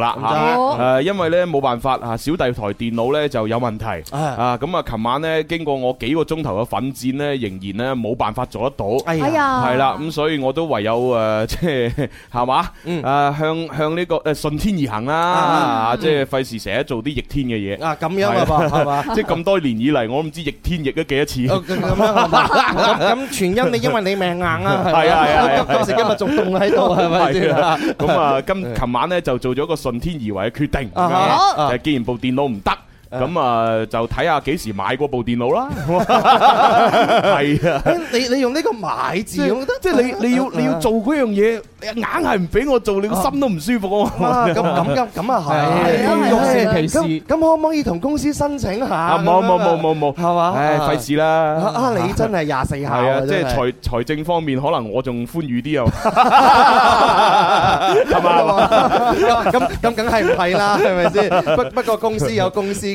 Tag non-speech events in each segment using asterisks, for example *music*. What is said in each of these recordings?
啦，誒，因為咧冇辦法啊，小弟台電腦咧就有問題啊，咁啊，琴晚咧經過我幾個鐘頭嘅奮戰咧，仍然咧冇辦法做得到，係啦，咁所以我都唯有誒，即係係嘛，誒向向呢個誒順天而行啦，即係費事成日做啲逆天嘅嘢啊，咁樣啊嘛，係嘛，即係咁多年以嚟，我都唔知逆天逆咗幾多次，咁樣啊嘛，咁全因你，因為你命硬啊，係啊係啊，今時今日仲凍喺度係咪先啊？咁啊，今琴晚咧就做咗個。順天而為嘅決定，係、uh -huh. uh -huh. uh -huh. 既然部電腦唔得。咁、嗯、啊，就睇下幾時買過部電腦啦。係啊，你你用呢個買字，我覺得即係你你要你要做嗰樣嘢，硬係唔俾我做，你個心都唔舒服。哇，咁咁咁啊，係用咁可唔可以同公司申請下？冇冇冇冇冇，係嘛？唉、啊，費事啦。啊，你真係廿四孝。啊，即係財財政方面，可能我仲寬裕啲啊。係嘛？咁咁梗係唔係啦？係咪先？不不過公司有公司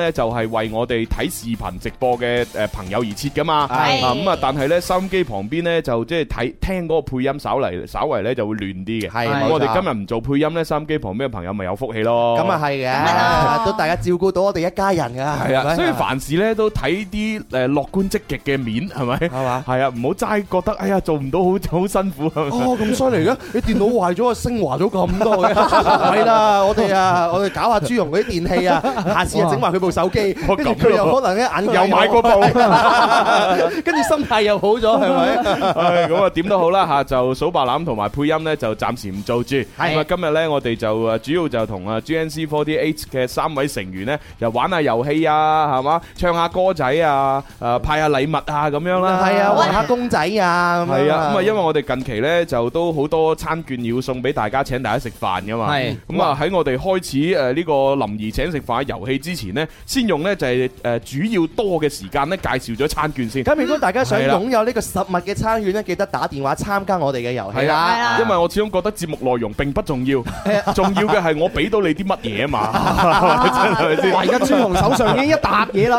咧就係、是、為我哋睇視頻直播嘅誒朋友而設噶嘛，係咁啊，但係咧收音機旁邊咧就即係睇聽嗰個配音手嚟，稍為咧就會亂啲嘅。係、嗯、我哋今日唔做配音咧，收音機旁邊嘅朋友咪有福氣咯。咁啊係嘅，都大家照顧到我哋一家人噶。係啊，所以凡事咧都睇啲誒樂觀積極嘅面，係咪係嘛？係啊，唔好齋覺得哎呀做唔到好好辛苦。哦咁犀利嘅， *laughs* 你的電腦壞咗我升華咗咁多嘅。係 *laughs* 啦， *laughs* 我哋啊，我哋搞下朱榮嗰啲電器啊，下次啊整埋佢部。手機，跟住佢有可能咧眼，又買過部，跟住心態又好咗，係咪？係咁啊，點都好啦嚇，就數白欖同埋配音咧，就暫時唔做住。咁啊，今日咧我哋就誒主要就同啊 GNZ48 嘅三位成員咧，就玩下遊戲啊，係嘛，唱下歌仔啊，誒派下禮物啊咁樣啦。係啊，玩下公仔啊。係啊，咁啊，因為我哋近期咧就都好多餐券要送俾大家，請大家食飯㗎嘛。係。咁啊，喺我哋開始誒呢個林兒請食飯遊戲之前咧。先用咧就係誒主要多嘅時間咧，介紹咗餐券先。咁如果大家想擁有呢個實物嘅餐券咧，記得打電話參加我哋嘅遊戲啦。因為我始終覺得節目內容並不重要，重要嘅係我俾到你啲乜嘢啊嘛，真係而家朱紅手上已經一沓嘢啦。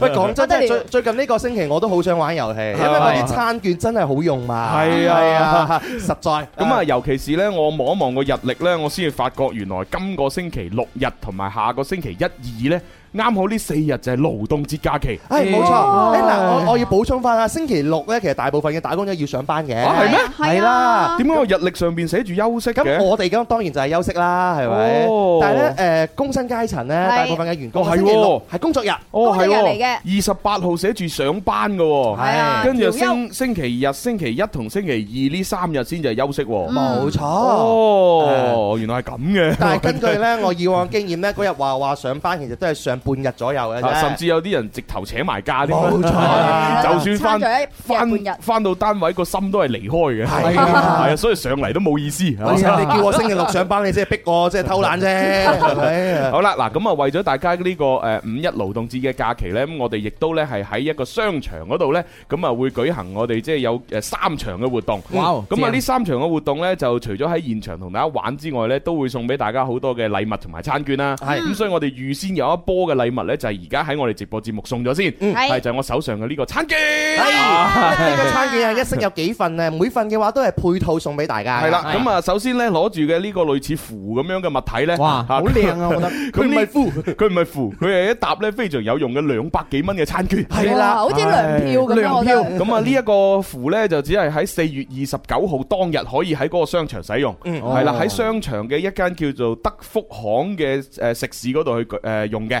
喂，講真，即係最最近呢個星期我都好想玩遊戲，因為我啲餐券真係好用嘛。係啊係啊，實在。咁啊，尤其是咧，我望一望個日曆咧，我先至發覺原來今個星期六日同埋下個星期一二咧。啱好呢四日就係勞動節假期，係冇錯。嗱，我我要補充翻啊，星期六咧，其實大部分嘅打工仔要上班嘅，係咩？係啦。點解我日曆上面寫住休息嘅？我哋咁當然就係休息啦，係咪？但係咧，誒，工薪階層咧，大部分嘅員工係星期六係工作日，工作日嚟嘅。二十八號寫住上班嘅，係啊，跟住星星期日、星期一同星期二呢三日先至係休息。冇錯。哦，原來係咁嘅。但係根據咧我以往經驗咧，嗰日話話上班其實都係上班。半日左右嘅啫，甚至有啲人直頭請埋假添，冇錯，就算翻翻翻到單位個心都係離開嘅，係啊，係啊，所以上嚟都冇意思。你叫我星期六上班，你即係逼我即係偷懶啫。好啦，嗱咁啊，為咗大家呢個誒五一勞動節嘅假期咧，咁我哋亦都咧係喺一個商場嗰度咧，咁啊會舉行我哋即係有誒三場嘅活動。哇！咁啊呢三場嘅活動咧，就除咗喺現場同大家玩之外咧，都會送俾大家好多嘅禮物同埋餐券啦。係咁，所以我哋預先有一波。嘅禮物咧就係而家喺我哋直播節目送咗先，係就係我手上嘅呢個餐券，呢個餐券係一式有幾份嘅，每份嘅話都係配套送俾大家。係啦，咁啊首先咧攞住嘅呢個類似符咁樣嘅物體咧，哇，好靚啊！我覺得佢唔係符，佢唔係符，佢係一沓咧非常有用嘅兩百幾蚊嘅餐券。係啦，好似糧票咁啊！糧票咁啊呢一個符咧就只係喺四月二十九號當日可以喺嗰個商場使用，係啦喺商場嘅一間叫做德福行嘅誒食肆嗰度去誒用嘅。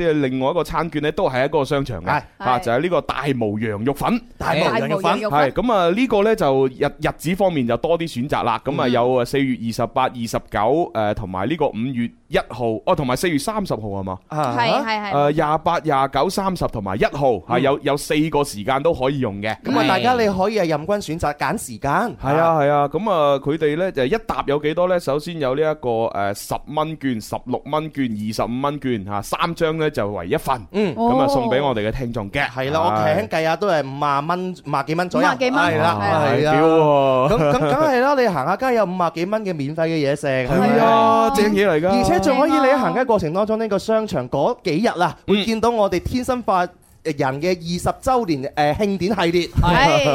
即係另外一個餐券咧，都係一個商場嘅啊，係，就係呢個大毛羊肉粉，欸、大毛羊肉粉，係咁啊！呢個咧就日日子方面就多啲選擇啦，咁啊、嗯、有啊，四月二十八、二十九，誒，同埋呢個五月。一號哦，同埋四月三十號係嘛？啊，係係係。誒廿八、廿九、三十同埋一號係有有四個時間都可以用嘅。咁啊，大家你可以係任君選擇揀時間。係啊係啊，咁啊佢哋咧就一沓有幾多咧？首先有呢一個誒十蚊券、十六蚊券、二十五蚊券嚇，三張咧就為一份。嗯，咁啊送俾我哋嘅聽眾嘅。係啦，我嘅計下都係五萬蚊，萬幾蚊左右。五萬幾蚊？係啦係啦。多喎！咁，咁梗係啦，你行下街有五萬幾蚊嘅免費嘅嘢食。係啊，正起嚟㗎。而且。仲可以，你喺行街過程當中，呢、這個商場嗰幾日啦、啊，會見到我哋天生發。人嘅二十周年誒慶典系列，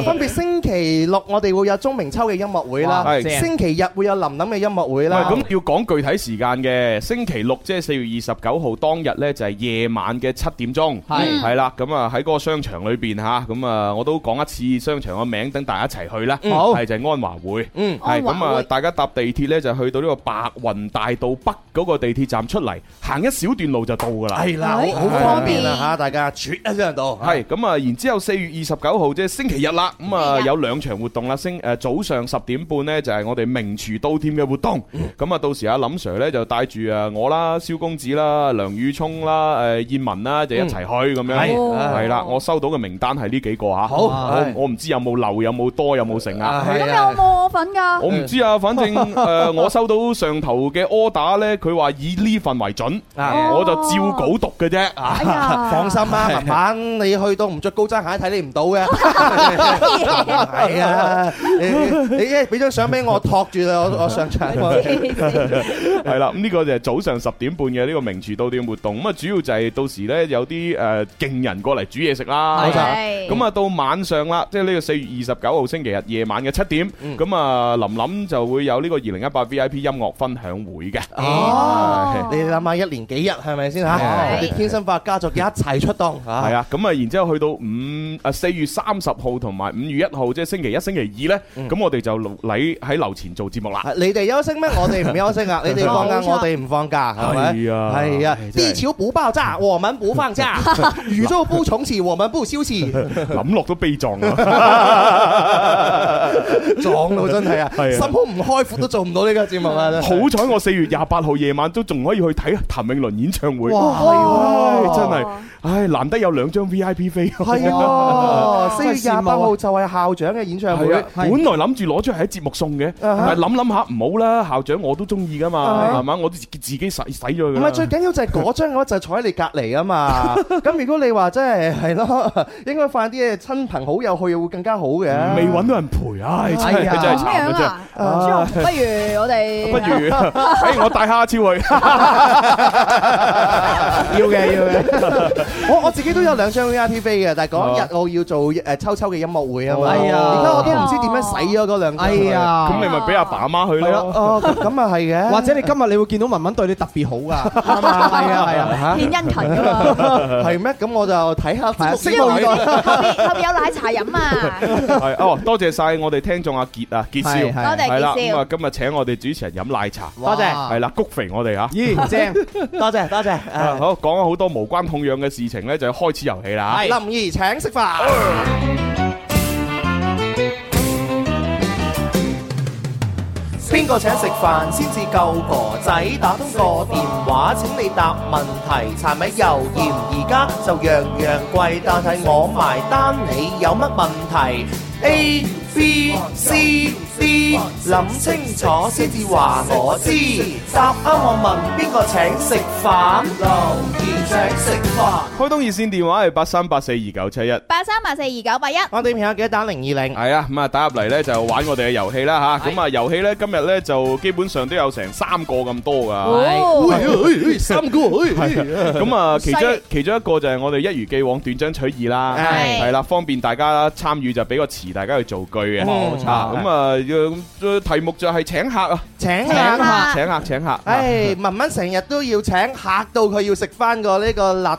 分別星期六我哋會有鐘明秋嘅音樂會啦，星期日會有林林嘅音樂會啦。咁要講具體時間嘅，星期六即係四月二十九號當日呢，就係夜晚嘅七點鐘，係啦。咁啊喺嗰個商場裏邊嚇，咁啊我都講一次商場嘅名，等大家一齊去啦。好，係就係安華會。嗯，係咁啊，大家搭地鐵呢就去到呢個白雲大道北嗰個地鐵站出嚟，行一小段路就到㗎啦。係啦，好方便嚇大家。聽得到，係咁啊！然之後四月二十九號即係星期日啦，咁啊有兩場活動啦，星誒早上十點半咧就係我哋名廚到店嘅活動，咁啊到時阿林 sir 咧就帶住啊我啦、蕭公子啦、梁宇聰啦、誒燕文啦就一齊去咁樣，係啦，我收到嘅名單係呢幾個吓，好，我我唔知有冇漏，有冇多，有冇剩啊？咁有冇我份噶？我唔知啊，反正誒我收到上頭嘅 order 咧，佢話以呢份為準啊，我就照稿讀嘅啫，啊，放心啦，係嘛。你去到唔著高踭鞋睇你唔到嘅，係啊！你你俾張相俾我託住啦，我我上場。係啦，咁呢個就係早上十點半嘅呢個名廚到店活動。咁啊，主要就係到時咧有啲誒勁人過嚟煮嘢食啦。冇錯。咁啊，到晚上啦，即係呢個四月二十九號星期日夜晚嘅七點。咁啊，林林就會有呢個二零一八 VIP 音樂分享會嘅。哦，你諗下一年幾日係咪先嚇？天生快活家族一齊出動嚇。咁、嗯、啊，然之後去到五啊四月三十號同埋五月一號，即、就、係、是、星期一、星期二咧，咁、嗯、我哋就嚟喺樓前做節目啦。你哋休息咩？我哋唔休息啊！ *laughs* 你哋放假，我哋唔放假，係咪？係啊！係啊！地球不爆炸，我們不放假；宇 *laughs* 宙不重啟，我們不消失。諗 *laughs* 落 *laughs* 都悲壯啊！ *laughs* 撞到真係啊！心好唔開闊都做唔到呢個節目啊！ *laughs* *laughs* 好彩我四月廿八號夜晚都仲可以去睇譚詠麟演唱會。哇！啊、哇真係，唉、哎，難得有兩。兩張 VIP 飛，係啊！四月廿八號就係校長嘅演唱會，啊演唱會啊、啊、本來諗住攞出嚟喺節目送嘅，但係諗諗下唔好啦，校長我都中意噶嘛，係嘛、啊？我都自己使使咗佢。唔係最緊要的是那的就係嗰張嘅話就坐喺你隔離啊嘛！咁 *laughs* 如果你話即係係咯，應該快啲嘅親朋好友去會更加好嘅、啊。未揾到人陪，唉的、哎、的啊！真係慘，真係咁，不如我哋不如， *laughs* *laughs* 我帶蝦超去。要嘅要嘅， *laughs* *laughs* 我我自己都有。兩張 VIP 嘅，但係嗰日我要做誒秋秋嘅音樂會啊嘛，係啊，而家我都唔知點樣使咗嗰兩張。咁你咪俾阿爸阿媽去咯。哦，咁啊係嘅。或者你今日你會見到文文對你特別好啊？係啊係啊，獻殷勤㗎嘛。係咩？咁我就睇下。識路㗎，後邊後邊有奶茶飲啊。係哦，多謝曬我哋聽眾阿傑啊，傑少。多謝傑少。咁啊，今日請我哋主持人飲奶茶。多謝。係啦，谷肥我哋嚇。咦，正！多謝多謝。好，講咗好多無關痛癢嘅事情咧，就開始。遊戲啦，係林兒請食飯。邊個請食飯先至夠婆仔？打通個電話，請你答問題。柴米油鹽而家就樣樣貴，但係我埋單，你有乜問題？A B、C、D，諗清楚先至話我知。答啱我問，邊個請食飯？留言請食飯。開通熱線電話係八三八四二九七一，八三八四二九八一。我哋朋友記得打零二零。係啊，咁啊，打入嚟咧就玩我哋嘅遊戲啦吓。咁啊，遊戲咧今日咧就基本上都有成三個咁多噶。哦，三個。咁啊，其中其中一個就係我哋一如既往斷章取義啦。係係啦，方便大家參與就俾個詞大家去造句。冇錯咁啊，咁、嗯嗯嗯嗯嗯嗯嗯，題目就係請客啊，請客，請客，請客，請客請客請客請客哎、嗯，文文成日都要請客，到佢要食翻個呢個辣。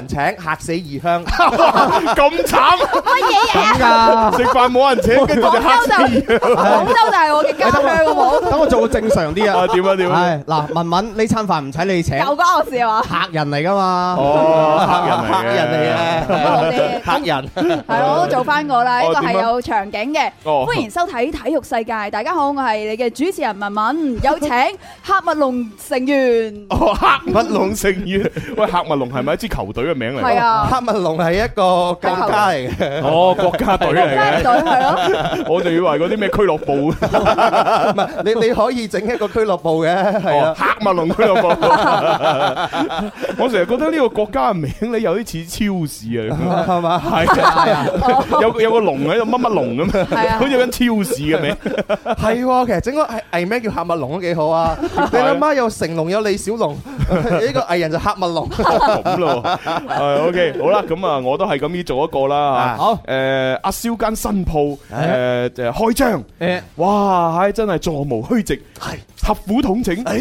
請吓死，異鄉，咁慘乜嘢嚟噶？食飯冇人請，跟住就嚇死。廣 *laughs* 麼慘 *laughs* 麼、啊、 *laughs* 州就係 *laughs* 我嘅家鄉喎、哎、等、哎、我，我做正常啲啊？點啊點啊？係嗱、啊哎，文文呢餐飯唔使你，你請，又關我事嘛、啊？客人嚟噶嘛？哦，客人、啊，客人嚟嘅，咁、啊、客人係咯，我做翻、哦、個啦，呢個係有場景嘅、哦啊。歡迎收睇《體育世界》哦，大家好，我係你嘅主持人文文，有請黑物龍成員。哦，黑物龍成員，嗯、喂，黑物龍係咪一支球隊？隊嘅名嚟，係啊！黑麥龍係一個國家嚟嘅、啊，哦，國家隊嚟嘅，隊係咯。我仲以為嗰啲咩俱樂部，唔 *laughs* 係你你可以整一個俱樂部嘅，係、哦、啊！黑麥龍俱樂部， *laughs* *laughs* 我成日覺得呢個國家嘅名你有啲似超市啊，係嘛？係係啊， *laughs* 有有個龍喺度乜乜龍咁啊，好似有間超市嘅名。係、啊，啊、 *laughs* 其實整個藝藝名叫黑麥龍都幾好啊！你阿媽有成龍有李小龍，呢 *laughs* 個藝人就黑麥龍咁咯。 *laughs* 係 OK，好啦，咁啊，我都係咁依做一個啦。好，誒，阿蕭間新鋪誒，就開張。誒，哇，唉，真係座無虛席，係合府統請，客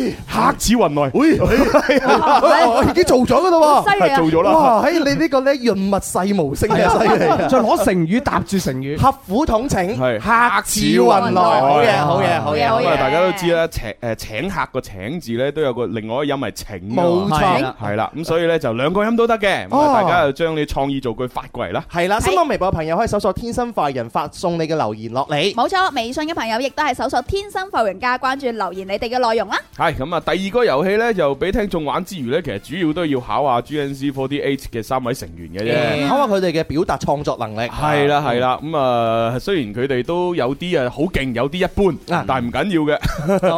似雲來。唉，係啊，我已經做咗噶啦，做咗啦。哇，喺你呢個咧潤物細無聲嘅犀利，再攞成語搭住成語，合府統請，係客似雲來。好嘢，好嘢，好嘢。咁啊，大家都知道啦，請誒請客個請字咧都有個另外一個音係請，冇錯，係啦。咁所以咧就兩個音都得。嘅咁啊，大家就將啲創意造句發過嚟啦，係啦。新浪微博嘅朋友可以搜索天生快活人，發送你嘅留言落嚟。冇錯，微信嘅朋友亦都係搜索天生快活人加關注留言，你哋嘅內容啦。係咁啊，第二個遊戲咧就俾聽眾玩之餘咧，其實主要都要考下 GNZ48 嘅三位成員嘅啫，考下佢哋嘅表達創作能力。係啦係啦，咁啊，雖然佢哋都有啲啊好勁，有啲一般，但係唔緊要嘅。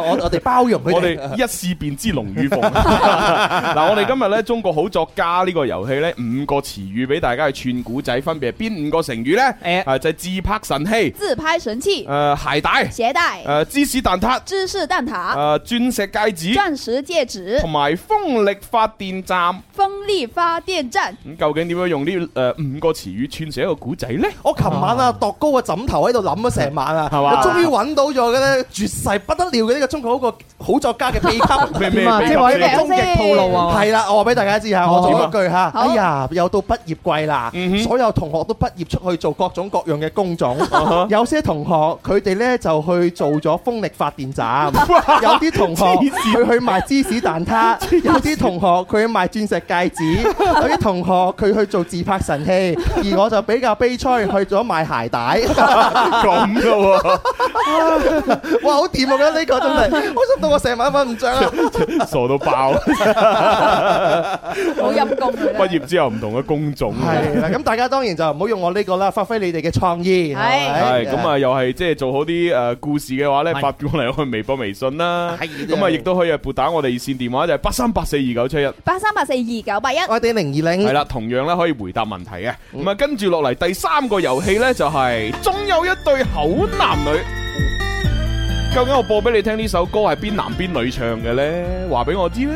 我我哋包容佢哋，一試便知龍與鳳。嗱，我哋今日咧中國好作家呢個遊戲。遊戲呢，五個詞語俾大家去串古仔，分別係邊五個成語咧？誒、欸啊，就係、是、自拍神器、自拍神器、誒鞋帶、鞋帶、誒芝士蛋撻、芝士蛋撻、誒鑽、呃、石戒指、鑽石戒指，同埋風力發電站、風力發電站。咁、嗯、究竟點樣用呢誒五個詞語串成一個古仔咧？我琴晚啊，度、啊、高個枕頭喺度諗咗成晚啊，係嘛，我終於揾到咗嘅咧，絕世不得了嘅呢個中國一個好作家嘅秘笈，咩一咩，終極套路啊！係、啊、啦，我話俾大家知下、啊，我講一、啊啊、句吓。哎呀，又到畢業季啦。嗯，所有同學都畢業出去做各種各樣嘅工種。Uh-huh. 有些同學佢哋呢就去做咗風力發電站，有啲同學佢去賣芝士蛋撻，有啲同學佢去賣鑽石戒指， *laughs* 有啲同學佢去做自拍神器，而我就比較悲催，去咗賣鞋帶。咁㗎喎，哇，好掂啊！覺得呢個真係，我諗到我成晚瞓唔着啊， *laughs* 傻到爆，好陰功。畢業之後唔同嘅工種係咁， *laughs* 大家當然就唔好用我呢個啦，發揮你哋嘅創意係。咁啊，又係即係做好啲誒故事嘅話咧，發過嚟我微博、微信啦。係咁啊，亦都可以啊撥打我哋熱線電話就係八三八四二九七一八三八四二九八一我哋零二零係啦，同樣咧可以回答問題嘅。咁、嗯、啊，跟住落嚟第三個遊戲咧就係、是，總有一對好男女。究竟我播俾你聽呢首歌係邊男邊女唱嘅咧？話俾我知咧。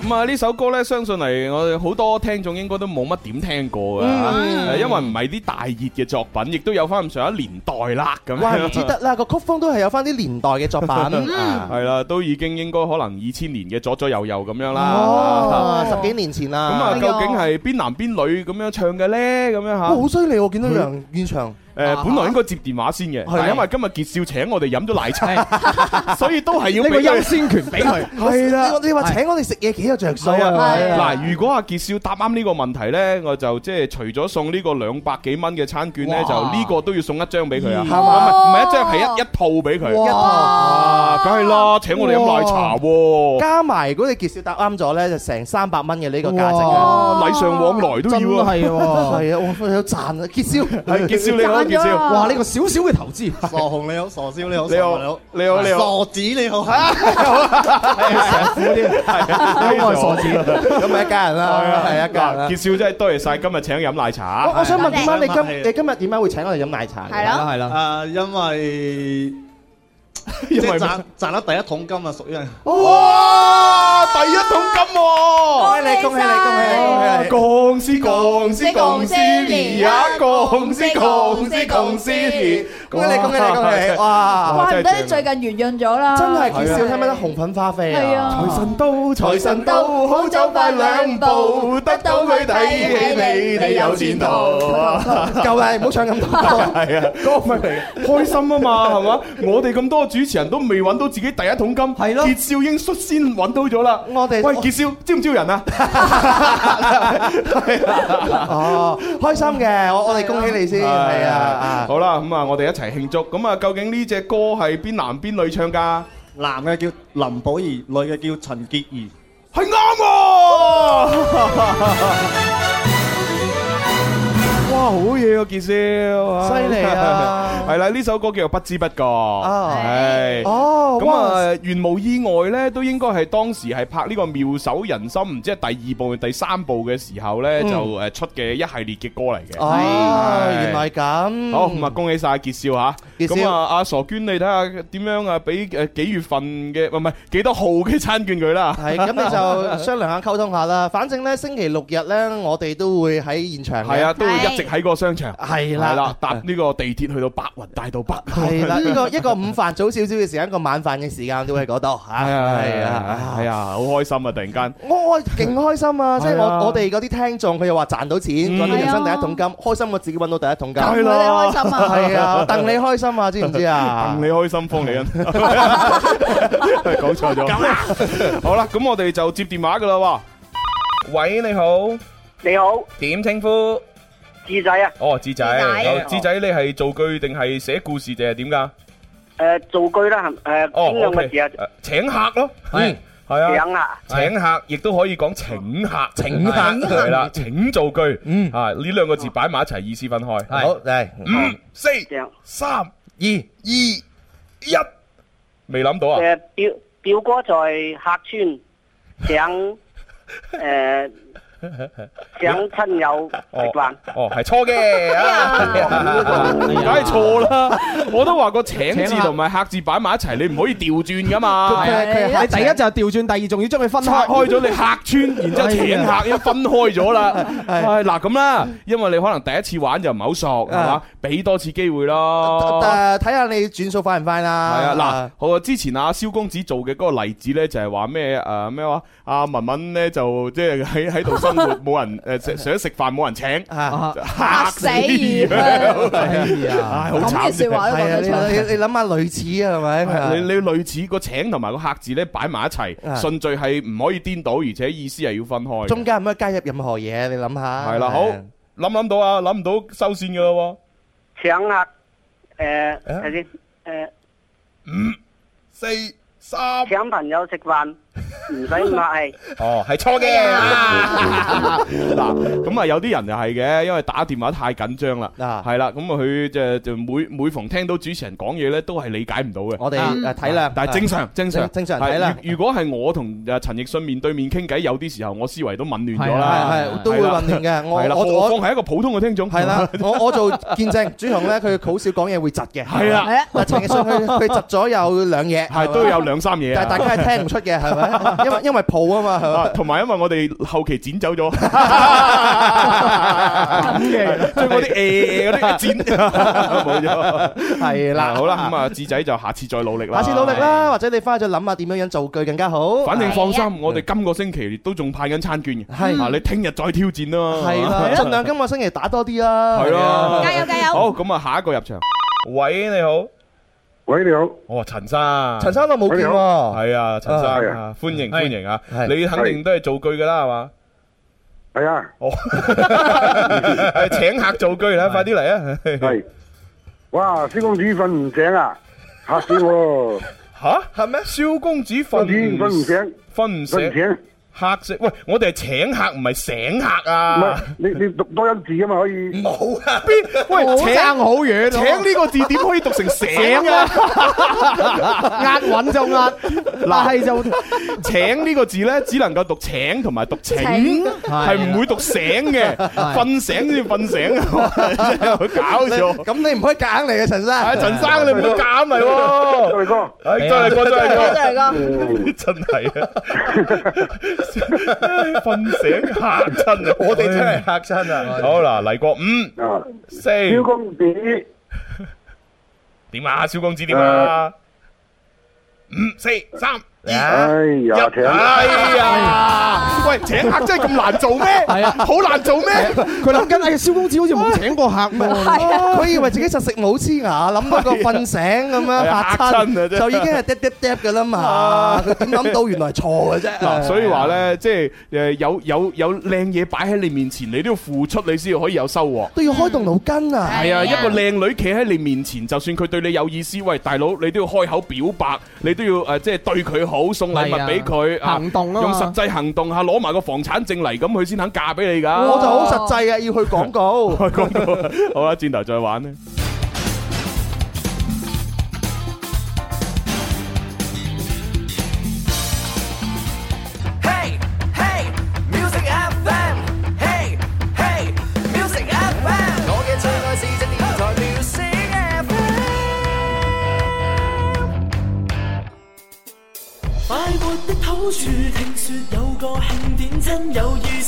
咁、嗯、啊！呢首歌咧，相信嚟我哋好多聽眾應該都冇乜點聽過嘅、嗯、因為唔係啲大熱嘅作品，亦、嗯、都有翻咁上一年代啦。咁唔哇樣知得啦，個 *laughs* 曲風都係有翻啲年代嘅作品、嗯、 *laughs* 啊，係啦，都已經應該可能二千年嘅左左右右咁樣啦，哦啊、十幾年前啦。咁、嗯、啊，究竟係邊男邊女咁樣唱嘅咧？咁樣吓，好犀利！我見到梁鈺祥。誒，本來應該接電話先嘅，但係因為今日傑少請我哋飲咗奶茶，所以都係要俾優先權俾佢。係啦，你話請我哋食嘢幾有着數啊？嗱，如果阿傑少答啱呢個問題咧，我就即係除咗送呢個兩百幾蚊嘅餐券，咧，就呢個都要送一張俾佢啊，係嘛？唔係一張係一一套俾佢，一套啊，梗係啦，請我哋飲奶茶，加埋如果你傑少答啱咗咧，就成三百蚊嘅呢個價值啊，禮尚往來都要啊，真係啊，係啊，我有賺啊，傑少，係傑少你。介哇！呢個少少嘅投資，傻紅你好，傻少你好，你好你好你好，傻子你好嚇，你好係 *laughs* 傻、， *laughs* *laughs* *laughs* *laughs* 嗯、傻子，係啊，都係傻子啦，咁咪一家人啦，係、哎、啊，係一家人。傑少真係多謝曬，今日請飲奶茶。我我想問點解你今你今，你今日點解會請我哋飲奶茶？係咯、啊，係啦。誒、啊，因為。即係賺賺得第一桶金啊，屬於啊！哇，第一桶金喎！恭喜你，恭喜你，恭喜恭喜恭喜恭喜你！恭喜你，恭喜你！哇，怪唔得你最近圓潤咗啦！真係缺少啲咩紅粉花費啊！財神到，財神到，好走快兩步，得到佢睇起你，你有前途啊！夠啦，唔好唱咁多，係啊，都係開心啊嘛，係嘛？我哋咁多主。主持人都未揾到自己第一桶金，傑少英率先揾到咗啦。我哋喂傑少招唔招人啊？哦，開心嘅，我我哋恭喜你先，係啊。好啦，咁啊，我哋一齊慶祝。咁啊，究竟呢隻歌係邊男邊女唱噶？男嘅叫林寶儀，女嘅叫陳潔儀，係啱喎。哇，好嘢喎，傑少，犀利啊！係啦，呢首歌叫做《不知不覺》啊，係哦。咁啊，原無意外咧，都應該係當時係拍呢個《妙手仁心》，唔知係第二部定第三部嘅時候咧，就誒出嘅一系列嘅歌嚟嘅。啊，原來咁。好，咁啊，恭喜晒傑少吓。咁啊，阿傻娟，你睇下點樣啊，俾誒幾月份嘅，唔係幾多號嘅餐券佢啦。係，咁你就商量下、溝通下啦。反正咧，星期六日咧，我哋都會喺現場。係啊，都會一直。喺個商場係啦，啦，搭呢個地鐵去到白雲大道北。係啦，呢 *laughs* 個一個午飯早少少嘅時間，一個晚飯嘅時間都會喺嗰度。係啊，係啊，啊，啊，哎呀，好、啊哎嗯、開心啊！突然間，我我勁開心啊！啊即係我我哋嗰啲聽眾，佢又話賺到錢，賺到人生第一桶金，嗯啊、開心我自己搵到第一桶金，戥、啊啊啊啊、你開心啊！係 *laughs* 啊，戥你開心啊！知唔知啊？戥你開心，方李欣，講錯咗。好啦，咁我哋就接電話噶啦喎。喂，你好，你好，點稱呼？智仔啊！哦，智仔，智仔，你係造句定係寫故事定係點噶？誒，造句啦，誒，呢兩個字啊，請客咯，係係啊，請客，請客，亦都可以講請客，請客係啦，請造句，嗯啊，呢兩個字擺埋一齊，意思分開。好，係五、四、三、二、二、一，未諗到啊！誒，表表哥在客村請誒。請親友食飯，哦係錯嘅，梗係錯啦！ *laughs* 啊啊啊、 *laughs* 我都話個請字同埋客字擺埋一齊，你唔可以調轉噶嘛。你、啊、第一就係調轉，第二仲要將佢分拆開咗，你客村，然之後請客一分開咗啦。係嗱咁啦，因為你可能第一次玩就唔係好熟，係嘛？俾多次機會咯。誒，睇下你轉數快唔快啦。係啊，嗱、啊啊啊，好啊，之前阿、啊、蕭公子做嘅嗰個例子咧，就係話咩誒咩話？阿、啊啊啊、文文咧就即係喺喺度。就是冇人誒想食飯，冇人請吓，嚇死！係啊，係好慘。係啊，你你諗下類似啊，係咪？你你類似個請同埋個客字咧擺埋一齊，順序係唔可以顛倒，而且意思係要分開。中間唔可以加入任何嘢，你諗下。係啦，好諗諗到啊，諗唔到收綫噶咯。請啊，誒，睇先，誒，五、四、三，請朋友食飯。唔使客氣，哦，係錯嘅。嗱，咁啊，有啲人就係嘅，因為打電話太緊張啦。嗱，係啦，咁啊，佢就就每每逢聽到主持人講嘢咧，都係理解唔到嘅。我哋體諒，但係正常，正常，正常係啦。如果係我同阿陳奕迅面對面傾偈，有啲時候我思維都紊亂咗啦，係係都會混亂嘅。我我我當係一個普通嘅聽眾。係啦，我我做見證，朱紅咧，佢好少講嘢會窒嘅。係啊，嗱，陳奕迅佢佢窒咗有兩嘢，係都要有兩三嘢。但係大家係聽唔出嘅，係。因為因為抱啊嘛，同埋因為我哋後期剪走咗，剪嘅，所以嗰啲誒嗰啲剪冇咗，係啦，好啦，咁啊智仔就下次再努力啦，下次努力啦，或者你翻去再諗下點樣樣造句更加好，反正放心，我哋今個星期都仲派緊餐券嘅，係，嗱，你聽日再挑戰咯，係啦，盡量今個星期打多啲啦，係啊，加油加油，好，咁啊下一個入場，喂，你好。喂，你好。哦，陳生，陳生我冇見喎。係啊，陳、啊、生、啊啊，歡迎歡迎啊。你肯定都係造句㗎啦，係嘛？係啊。哦，係 *laughs* *laughs* 請客造句啦，快啲嚟啊。係。 *laughs* 哇，蕭公子瞓唔醒啊，嚇死我。吓、啊，係咩？蕭公子瞓瞓唔醒，瞓唔醒。客色，喂，我哋係請客唔係醒客啊！你你讀多音字啊嘛可以。冇、嗯、啊，邊喂請好嘢，請呢個字點可以讀成醒啊？押韻就呃！嗱係就請呢個字咧，只能夠讀請同埋讀請，係唔會讀醒嘅，瞓醒先瞓醒 *laughs* 笑啊！搞笑。咁你唔可以夾硬嚟嘅陳生。係、哎、陳生，你唔好夾硬嚟。再嚟哥，哎再嚟哥，再嚟哥，哎哥哥哦、真係啊！ *laughs* 瞓 *laughs* 醒嚇親啊！嚇 *laughs* 我哋真係嚇親啊！好啦，嚟個五、四，小公子點啊？小公子點啊？五、啊、四、啊、三、哎、二、哎、一、哎呀！哎呀請客真係咁難做咩？係啊，好難做咩？佢諗緊，哎，蕭公子好似冇請過客咩？佢以為自己實食冇黐牙啊，諗到個瞓醒咁樣吓親啊，就已經係嗒嗒嗒嘅啦嘛。佢點諗到原來係錯嘅啫？嗱，所以話咧，即係誒，有有有靚嘢擺喺你面前，你都要付出，你先至可以有收穫，都要開動腦筋啊。係啊，一個靚女企喺你面前，就算佢對你有意思，喂，大佬，你都要開口表白，你都要誒，即係對佢好，送禮物俾佢，行動啊，用實際行動吓，攞埋個。房產證嚟咁，佢先肯嫁俾你噶，啊。我就好實際呀，要去廣告。去廣告。好啦，轉頭再玩咧。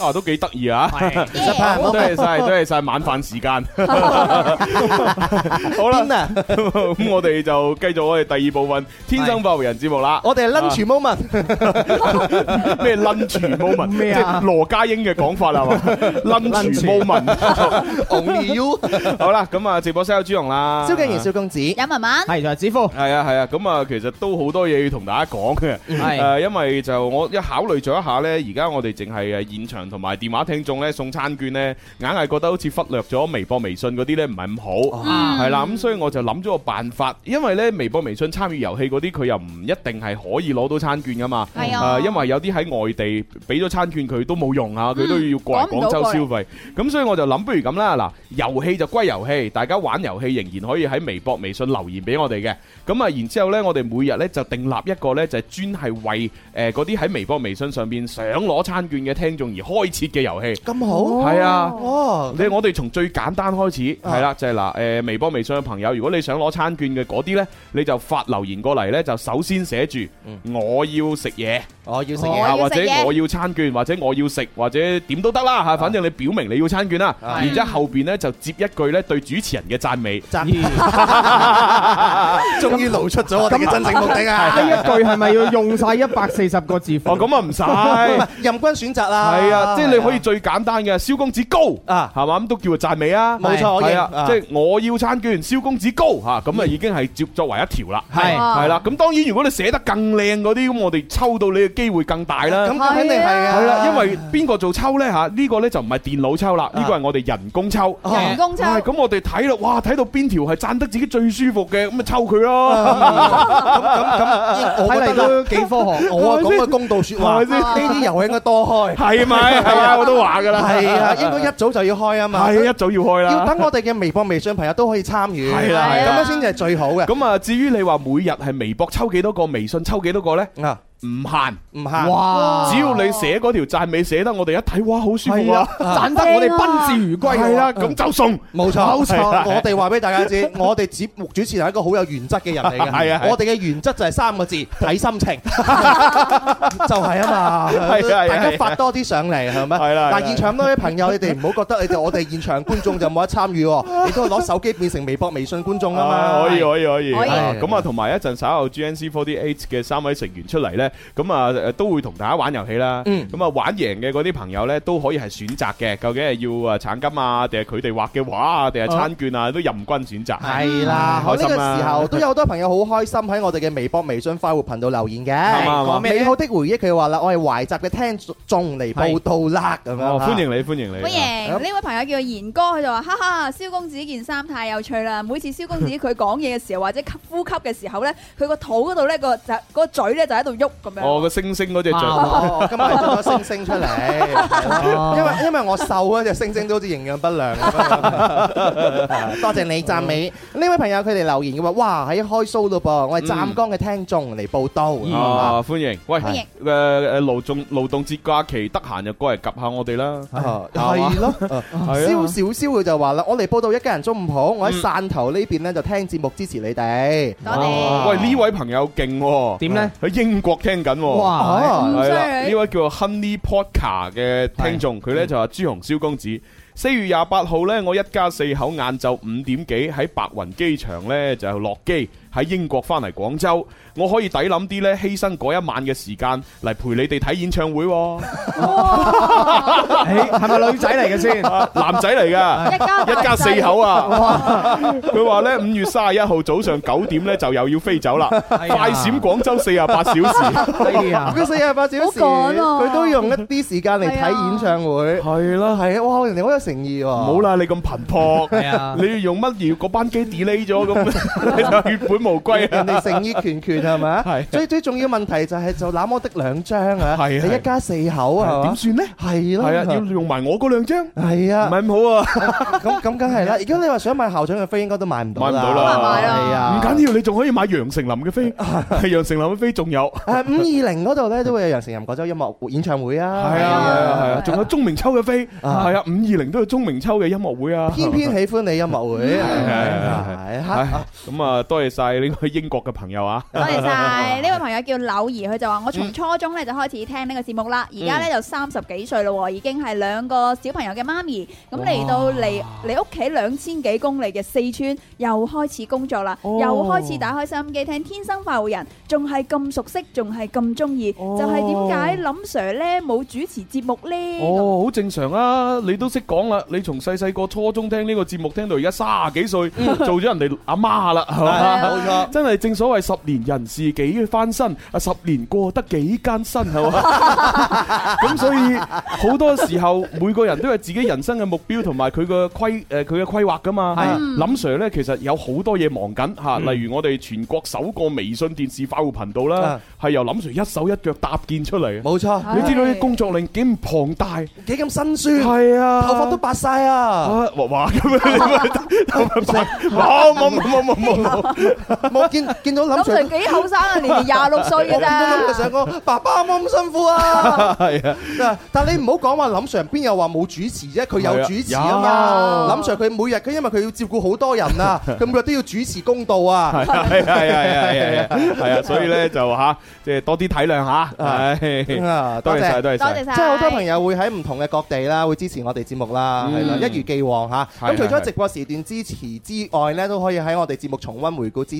啊，都幾得意啊！多謝曬，多謝曬，晚飯時間。好啦，咁我哋就繼續我哋第二部分《天生快活人》節目啦。我哋係 lunch moment，咩 lunch moment？即係羅家英嘅講法啦嘛，lunch moment only you。好啦，咁啊，直播室有朱紅啦，肖敬源、肖公子、尹文文，係財子富。係啊，係啊，咁啊，其實都好多嘢要同大家講嘅。係，誒，因為就我一考慮咗一下咧，而家我哋淨係誒現場。同埋電話聽眾咧，送餐券呢，硬係覺得好似忽略咗微博微信嗰啲呢，唔係咁好，係、啊、啦，咁、嗯、所以我就諗咗個辦法，因為呢，微博微信參與遊戲嗰啲佢又唔一定係可以攞到餐券噶嘛，誒、嗯呃嗯，因為有啲喺外地俾咗餐券佢都冇用啊，佢都要過嚟廣州消費，咁、嗯、所以我就諗不如咁啦，嗱，遊戲就歸遊戲，大家玩遊戲仍然可以喺微博微信留言俾我哋嘅，咁啊，然之後呢，我哋每日呢，就定立一個呢，就係專係為誒嗰啲喺微博微信上面想攞餐券嘅聽眾而開開設嘅遊戲咁好係、哦、啊，哦、你們我哋從最簡單開始，係啦、嗯啊，就係嗱，誒，微博、微信嘅朋友，如果你想攞餐券嘅嗰啲呢，你就發留言過嚟呢，就首先寫住我要食嘢，我要食嘢、哦，或者我要餐券，或者我要食，或者點都得啦吓，反正你表明你要餐券啦、啊，然之後邊呢，就接一句呢對主持人嘅讚美，啊、后后讚美 *laughs* *laughs* 終於露出咗我哋嘅真正目的啊！呢、啊啊啊啊啊、一句係咪要用晒一百四十個字符？哦，咁啊唔使，任君選擇啦，係 *laughs* 啊。即係你可以最簡單嘅蕭公子高啊，係嘛？咁都叫佢讚美啊。冇錯，係啊，即係我要參選蕭公子高吓，咁啊已經係作作為一條啦，係係啦。咁當然如果你寫得更靚嗰啲，咁我哋抽到你嘅機會更大啦。咁肯定係嘅，係啦，因為邊個做抽咧吓？呢個咧就唔係電腦抽啦，呢個係我哋人工抽。人工抽，咁我哋睇咯，哇，睇到邊條係讚得自己最舒服嘅，咁咪抽佢咯。咁咁，我哋都幾科學，我啊講嘅公道說話，呢啲遊戲應該多開，係咪？係啊，我都話噶啦。係啊，應該一早就要開啊嘛。係、啊、一早要開啦。要等我哋嘅微博、微信朋友都可以參與。係啦、啊，咁、啊、樣先係最好嘅。咁啊，啊至於你話每日係微博抽幾多個，微信抽幾多個咧？啊！唔限唔限哇，只要你寫嗰條讚美寫得，我哋一睇哇好舒服啊，讚得我哋賓至如歸係啦，咁就送冇錯冇錯，我哋話俾大家知，我哋節目主持人係一個好有原則嘅人嚟嘅，我哋嘅原則就係三個字睇心情，就係啊嘛，大家發多啲上嚟係咪？係啦，但係現場嗰啲朋友，你哋唔好覺得你哋我哋現場觀眾就冇得參與，你都係攞手機變成微博微信觀眾啊嘛，可以可以可以，咁啊同埋一陣稍後 G N Z forty eight 嘅三位成員出嚟咧。咁啊，都會同大家玩遊戲啦。嗯。咁啊，玩贏嘅嗰啲朋友咧，都可以係選擇嘅。究竟係要啊產金啊，定係佢哋畫嘅畫啊，定係餐券啊、哦，都任君選擇。係啦，呢、嗯啊、個時候都有好多朋友好開心喺我哋嘅微博、微信快活頻道留言嘅。啊，啊，啊，美好的回憶，佢話啦，我係懷集嘅聽眾嚟報到啦。咁、啊哦、歡迎你，歡迎你。歡迎呢位朋友叫賢哥，佢就話：哈哈，蕭公子件衫太有趣啦！每次蕭公子佢講嘢嘅時候， *laughs* 或者吸呼吸嘅時候咧，佢、個肚嗰度咧個就個嘴咧就喺度喐。我個、啊哦、星星嗰隻嘴， *laughs* 哦、我今日做咗星星出嚟， *laughs* 因為因為我瘦啊，隻星星都好似營養不良 *laughs* 多謝你讚美。呢、嗯、位朋友佢哋留言嘅話，哇，喺開 show 咯噃，我係湛江嘅聽眾嚟報道。哦、嗯啊嗯啊啊，歡迎，歡迎。誒誒、呃，勞動勞動節假期得閒就過嚟及下我哋、啊、啦。係咯，消少少佢就話啦，我嚟報道，一家人中午好，嗯、我喺汕頭這邊呢邊咧就聽節目支持你哋。多謝。啊、喂，呢位朋友勁喎、啊，點咧？喺、啊、英國。聽緊喎，係啦，呢位叫做 Honey Parker 嘅聽眾，佢是呢、嗯、就話朱紅蕭公子，四月廿八號呢，我一家四口晏晝五點幾喺白雲機場呢就落機。喺英國翻嚟廣州，我可以抵諗啲咧，犧牲嗰一晚嘅時間嚟陪你哋睇演唱會。係係咪女仔嚟嘅先？男仔嚟㗎，一家四口啊！佢話咧，五月三十一號早上九點咧就又要飛走啦，快閃廣州四十八小時。佢四十八小時，佢都用一啲時間嚟睇演唱會。係咯係啊！哇，人哋好有誠意喎。冇啦，你咁頻撲，你要用乜嘢？個班機 delay 咗咁，根本。無歸，人哋誠意拳拳係咪啊？最最重要問題就係就那麼的兩張啊，你一家四口啊，點算咧？係咯，係啊，要用埋我嗰兩張，係啊，唔係咁好啊。咁咁梗係啦。而家你話想買校長嘅飛，應該都買唔到，買唔到啦，係啊，唔緊要，你仲可以買楊丞琳嘅飛，係楊丞琳嘅飛仲有，誒五二零嗰度咧都會有楊丞琳廣州音樂演唱會啊，係啊係啊，仲有鐘明秋嘅飛，係啊五二零都有鐘明秋嘅音樂會啊，偏偏喜歡你音樂會，係係係，咁啊多謝晒。係呢個英國嘅朋友啊！多謝曬呢位朋友叫柳兒，佢就話：我從初中咧就開始聽呢個節目啦，而家咧就三十幾歲咯，已經係兩個小朋友嘅媽咪。咁嚟到嚟你屋企兩千幾公里嘅四川，又開始工作啦，又開始打開收音機聽《天生快活人》，仲係咁熟悉，仲係咁中意。就係點解林 Sir 咧冇主持節目咧？哦，好正常啊！你都識講啦，你從細細個初中聽呢個節目，聽到而家三十幾歲，做咗人哋阿媽啦。真係正，正所謂十年人事幾翻身，啊，十年過得幾艱辛係嘛，咁 *laughs* 所以好多時候每個人都有自己人生嘅目標同埋佢嘅規誒佢嘅規劃噶嘛。係、啊、林 Sir 咧，其實有好多嘢忙緊吓、啊，例如我哋全國首個微信電視快活頻道啦，係、啊、由林 Sir 一手一腳搭建出嚟。冇錯，你知道啲工作量幾咁龐大，幾咁辛酸，係啊，啊，啊，頭髮都白晒 *laughs* 啊，哇！畫咁樣，頭髮白，冇冇冇冇冇冇。 *laughs* 冇 *laughs* 見見到林 Sir 幾後生啊，年年廿六歲嘅咋？上 *laughs* 個爸爸冇咁辛苦啊！係 *laughs* 啊， *laughs* *laughs* 但係你唔好講話林 Sir，邊又話冇主持啫？佢有主持啊嘛！ *laughs* 林 Sir 佢每日佢因為佢要照顧好多人啊，佢 *laughs* 都要主持公道啊！係 *laughs* 啊 *laughs* *laughs* *laughs* *laughs* *laughs* 所以咧就嚇即係多啲體諒嚇。係 *laughs* 啊 *laughs* 多謝， *laughs* 多謝 *laughs* 多謝，即係好多朋友會喺唔同嘅各地啦，會支持我哋節目啦，係啦，一如既往嚇。咁除咗直播時段支持之外咧，都可以喺我哋節目重温回顧之。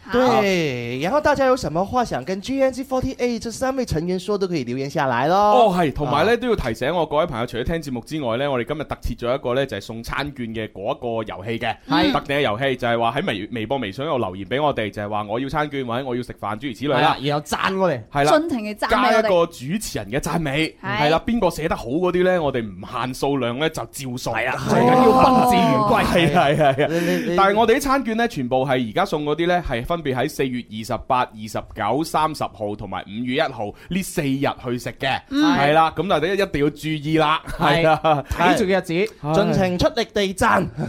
對，然後大家有什麼話想跟 GNZ48 這三位成員說，都可以留言下來咯。哦，係，同埋咧都要提醒我各位朋友，除咗聽節目之外咧，我哋今日特設咗一個咧就係送餐券嘅嗰一個遊戲嘅，係、嗯、特定嘅遊戲，就係話喺微微博、微信度留言俾我哋，就係、是、話我要餐券或者我要食飯，諸如此類啦。然後讚我哋，係啦，盡情嘅讚加一個主持人嘅讚美，係、嗯、啦，邊個寫得好嗰啲咧，我哋唔限數量咧就照送，係啊，最緊、啊啊啊、要賓至如歸，係、哦、係、啊啊啊、但係我哋啲餐券咧，全部係而家送嗰啲咧係分。特別喺四月二十八、二十九、三十號同埋五月一號呢四日去食嘅。係啦，咁大家一定要注意啦，係啦，睇住嘅日子，盡情出力地讚， *laughs*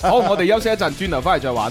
*laughs* 好，我哋休息一陣，轉頭翻嚟再玩。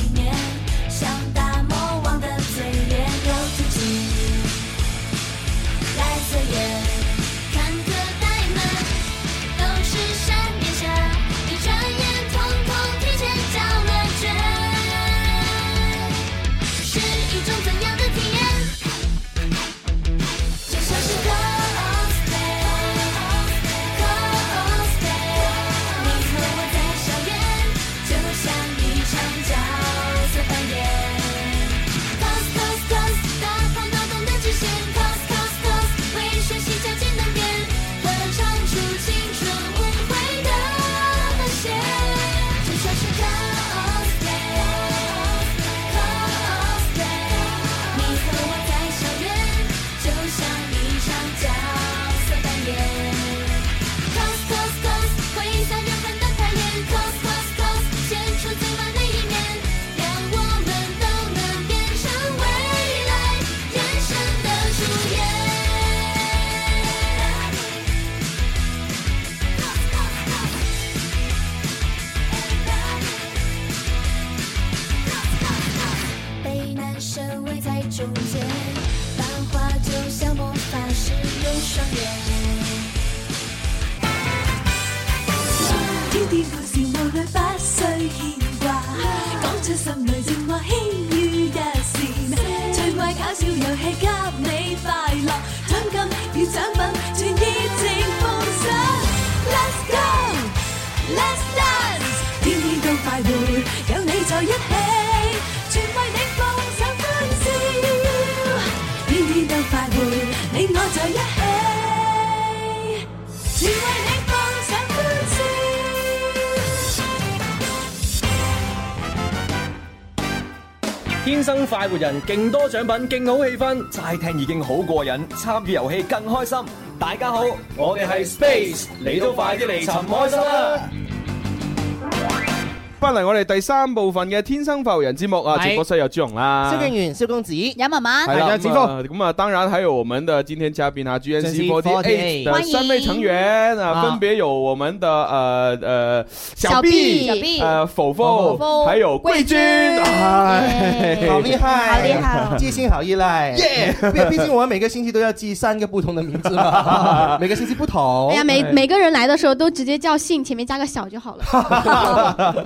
快活人勁多獎品，勁好氣氛，齋聽已經好過癮，參與遊戲更開心。大家好，我哋係 Space，你都快啲嚟尋開心啦！翻嚟我哋第三部分嘅天生快活人節目啊！直播室有朱紅啦，蕭敬源、蕭公子、楊媽媽，係、嗯、啊，知、嗯、道？咁、嗯、啊、嗯嗯嗯嗯，當然還有我們嘅今天嘉賓啊，GNZ48 Radio 三位成員、嗯、啊，分別有我們嘅呃呃小 B、小 B, 小 B、啊、呃浮浮，還有貴君、哎哎，好厲害，啊、好厲害、哦，記性好依賴耶，畢、yeah, 竟我們每個星期都要記三個不同的名字嘛，嘛、 *laughs* 啊，每個星期不同。哎呀，每每個人來嘅時候都直接叫姓，前面加個小就好了。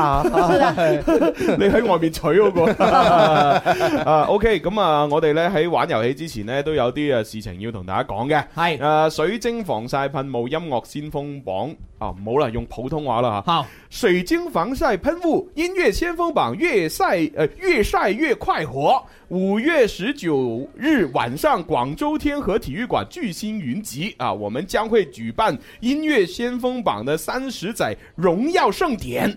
*laughs* 你喺外面取嗰個啊 *laughs* ？OK，咁啊，我哋咧喺玩遊戲之前咧都有啲事情要同大家講嘅。係誒，水晶防曬噴霧音樂先鋒榜啊，唔好啦，用普通話啦吓。好，水晶防曬噴霧音樂先鋒榜越曬誒越曬越快活。五月十九日晚上廣州天河體育館巨星雲集啊，我們將會舉辦音樂先鋒榜的三十載榮耀盛典。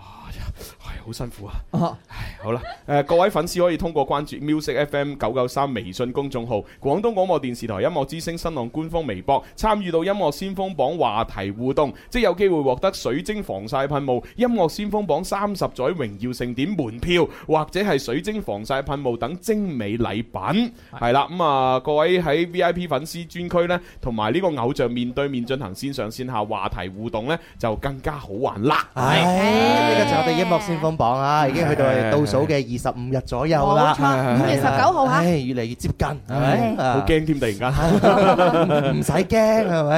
好辛苦啊！好啦，誒、呃，各位粉絲可以通過關注 music FM 九九三微信公眾號、廣東廣播電視台音樂之聲新浪官方微博，參與到音樂先鋒榜話題互動，即有機會獲得水晶防曬噴霧、音樂先鋒榜三十載榮耀盛典門票，或者係水晶防曬噴霧等精美禮品。係啦，咁啊、嗯呃，各位喺 VIP 粉絲專區呢，同埋呢個偶像面對面進行線上線下話題互動呢，就更加好玩啦！係，呢個就我哋音樂先。封榜啊，已經去到倒數嘅二十五日左右啦。五、嗯嗯嗯啊、月十九號嚇，越嚟越接近，係咪？好驚添！突然間唔使驚係咪？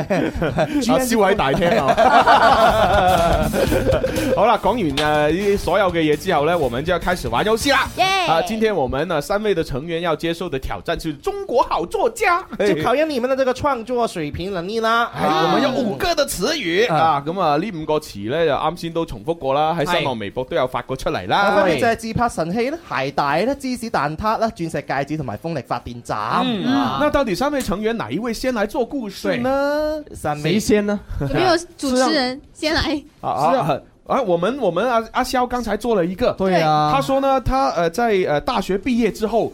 燒喺大廳度。 *laughs* 好啦，講完誒呢啲、啊、所有嘅嘢之後咧，我們就要開始玩遊戲啦。Yeah、啊，今天我們啊，三位的成員要接受的挑戰係中國好作家，就考驗你們的這個創作水平能力啦。係、uh,，我們有五個的詞語 uh, uh, 啊，咁啊呢五個詞咧就啱先都重複過啦，喺新浪微博都有。發過出嚟啦，分別就係自拍神器啦、鞋帶啦、芝士蛋撻啦、鑽石戒指同埋風力發電站。嗯啊。那到底三位成員，哪一位先嚟做故事呢？三位，誰先呢？有沒有主持人先嚟、啊？啊，啊，是啊，啊我們，我們阿阿肖剛才做了一個，對啊，他說呢，他誒、呃、在誒、呃、大學畢業之後。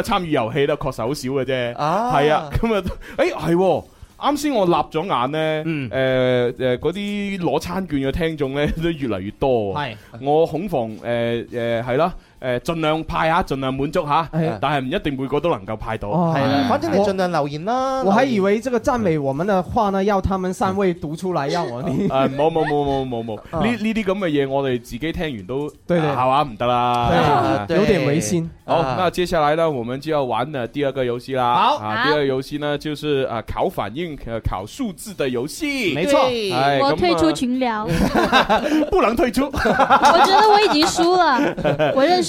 參與遊戲咧，確實好少嘅啫。啊，啊，係、欸、啊，咁啊，誒係，啱先我立咗眼咧，誒誒嗰啲攞餐券嘅聽眾咧，都越嚟越多。係，我恐防誒誒係啦。呃呃誒，盡量派下、啊，盡量滿足吓、啊，哎、但係唔一定每一個都能夠派到。係、哦、啦，反正你盡量留言啦、啊。我還以為這個讚美我們的話呢，要他們三位讀出來，讓我。誒、嗯嗯嗯呃，冇冇冇冇冇冇，呢呢啲咁嘅嘢我哋自己聽完都，對係嘛唔得啦，有點違心。好，啊、那接下來呢，我們就要玩的第二個遊戲啦。好，啊，第二個遊戲呢，就是啊考反應、考數字的遊戲。沒錯、哎，我退出群聊。不能退出。我覺得我已經輸了，我認。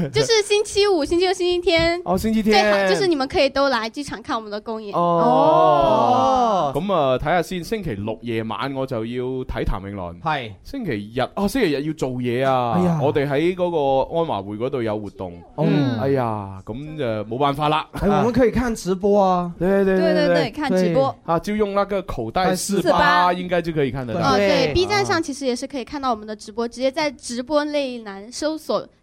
*laughs* 就是星期五、星期六、星期天哦，oh, 星期天，對，就是你們可以都來劇場看我們的公演哦哦。咁、oh, 啊、oh. oh. 嗯，睇下先，星期六夜晚我就要睇譚詠麟，係、hey.。星期日哦，星期日要做嘢啊，哎、呀我哋喺嗰個安華會嗰度有活動，oh. 嗯，哎呀，咁就冇辦法啦。哎、 *laughs* 我們可以看直播啊， *laughs* 對對對對對，看直播 *laughs* 啊，就用那個口袋四八應該就可以看得到。哦，對、啊，B 站上其實也是可以看到我們的直播，直接在直播內欄搜索。